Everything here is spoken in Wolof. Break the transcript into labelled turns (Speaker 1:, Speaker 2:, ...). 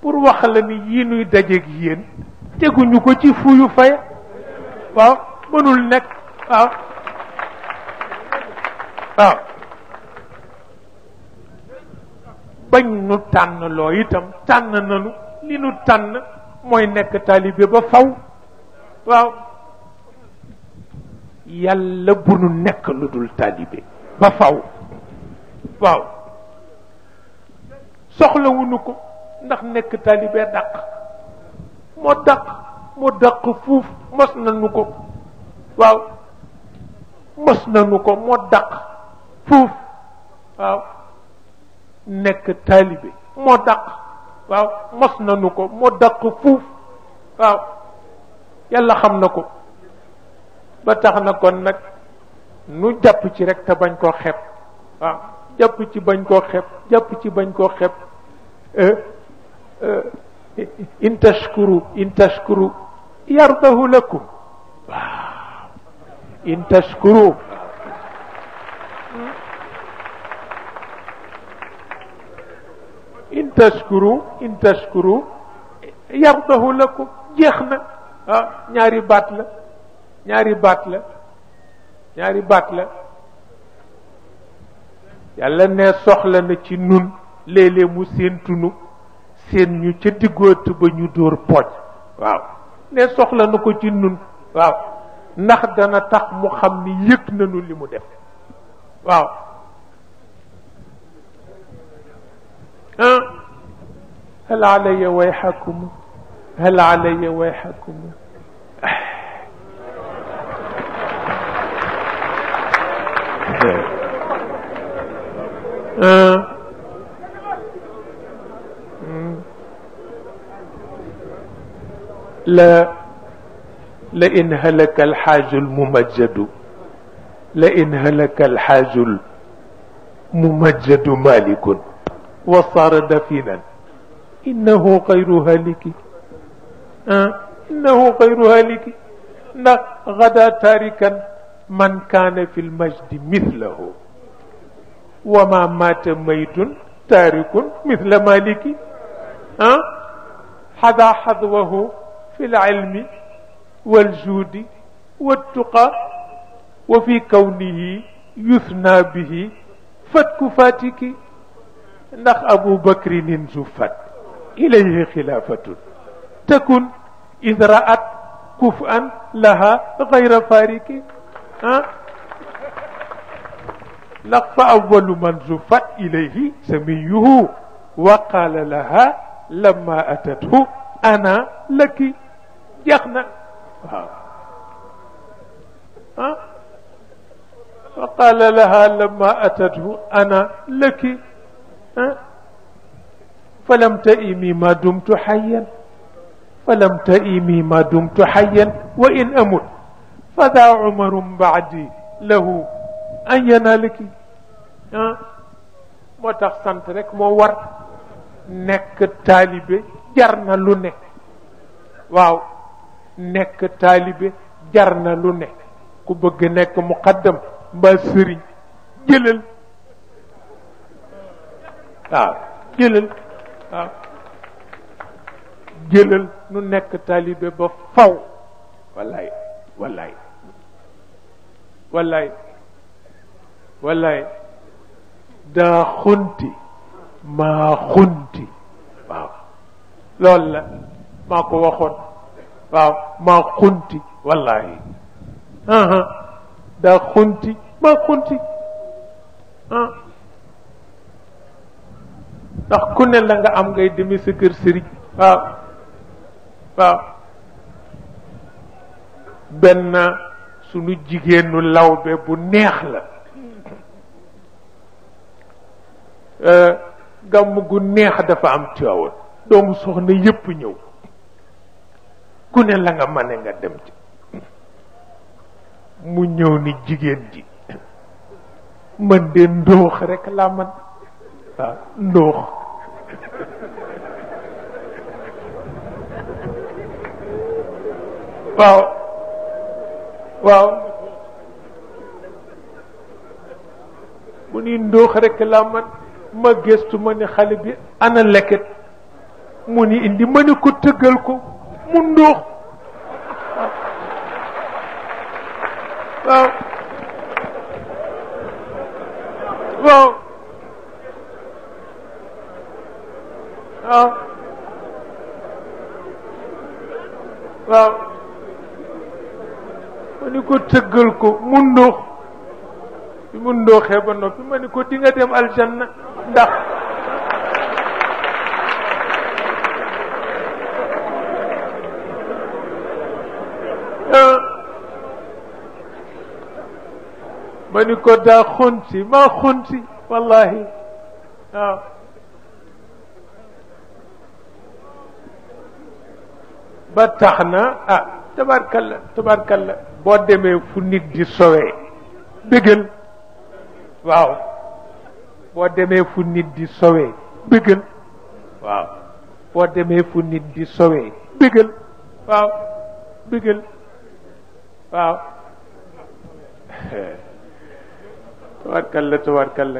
Speaker 1: pour wax la ni yii nuy dajeeg yéen teguñu ko ci fuyu fay waaw mënul nekk waaw waaw bañ nu tànn loo itam tànn nanu li nu tànn mooy nekk taalibe ba faw waaw yàlla bu nu nekk lu dul taalibe ba faw waaw soxlawuñu ko ndax nekk talibé dàq moo dàq moo dàq fuuf mos nañu ko waaw mos nu ko moo dàq fuuf waaw nekk talibé moo dàq waaw mos nañu ko moo dàq fuuf waaw yàlla xam na ko ba tax na kon nag nu jàpp ci rek te bañ koo xeeb waaw jàpp ci bañ koo xeeb jàpp ci bañ koo xepp in tashkuru in tashkuru yardahu lakum waaw in tashkuru in tashkuru in tashkuru yardahu lakum jeex na ah ñaari baat la ñaari baat la ñaari baat la yàlla ne soxla na ci nun léeg-léeg mu séentunu seen ñu ca diggoot ba ñu dóor pooj waaw ne soxla na ko ci nun waaw ndax dana tax mu xam ni yëg nañu li mu def waaw ah hal alaya wayxakum hal alaya wayxakum ah لا لئن هلك الحاج الممجد لئن هلك الحاج الممجد مالك وصار دفينا إنه غير هالك آه، إنه غير هالك غدا تاركا من كان في المجد مثله وما مات ميت تارك مثل مالك ها آه، حذا حذوه في العلم والجود والتقى وفي كونه يثنى به فتك فاتك نخ أبو بكر ننزفت إليه خلافة تكن إذ رأت كفءا لها غير فارك ها لقف أول من زفت إليه سميه وقال لها لما أتته أنا لك يخمع ها فقال لها لما أتته أنا لك ها فلم تئمي ما دمت حيا فلم تئمي ما دمت حيا وإن أمت فذا عمر بعدي له أن ينالك ها moo لك ما rek نك تالي بي جرنا jar واو nekk taalibe jar na lu ne ku bëgg nekk muqaddam mbaa sëriñ jëlal waaw jëlal waaw jëlal nu nekk taalibe ba faw wallaay wallaay wallaay wallaay daa xunti maa xunti waaw loolu la maa ko waxoon waaw maa xunti wallahi daa xunti maa xunti ndax ku ne la nga am ngay demee sa kër sëriñ waaw waaw benn sunu jigéenu lawbe bu neex la gàmm gu neex dafa am Tiwaawan doomu soxna yépp ñëw ku ne la nga mën nga dem ci mu ñëw ni jigéen ji man de ndóox rekk laa man ah, ndóox waaw waaw mu ni ndóox rekk laa man ma gëstu ma ni xale bi ana leket mu ni indi ma ni ko tëggal ko mu ndóox waaw waaw waaw waaw ko tëggal ko mu ndóox bi mu ndóoxee ba noppi ma ni ko di dem aljanna ndax من يكون ده خنتي ما خنتي والله آه. بتحنا آه. تبارك الله تبارك الله بودي مي فنيت دي سوي بيجل واو بودي مي فنيت دي سوي بيجل واو بودي مي فنيت دي سوي بيجل واو بيجل واو tabarkalla tabarkalla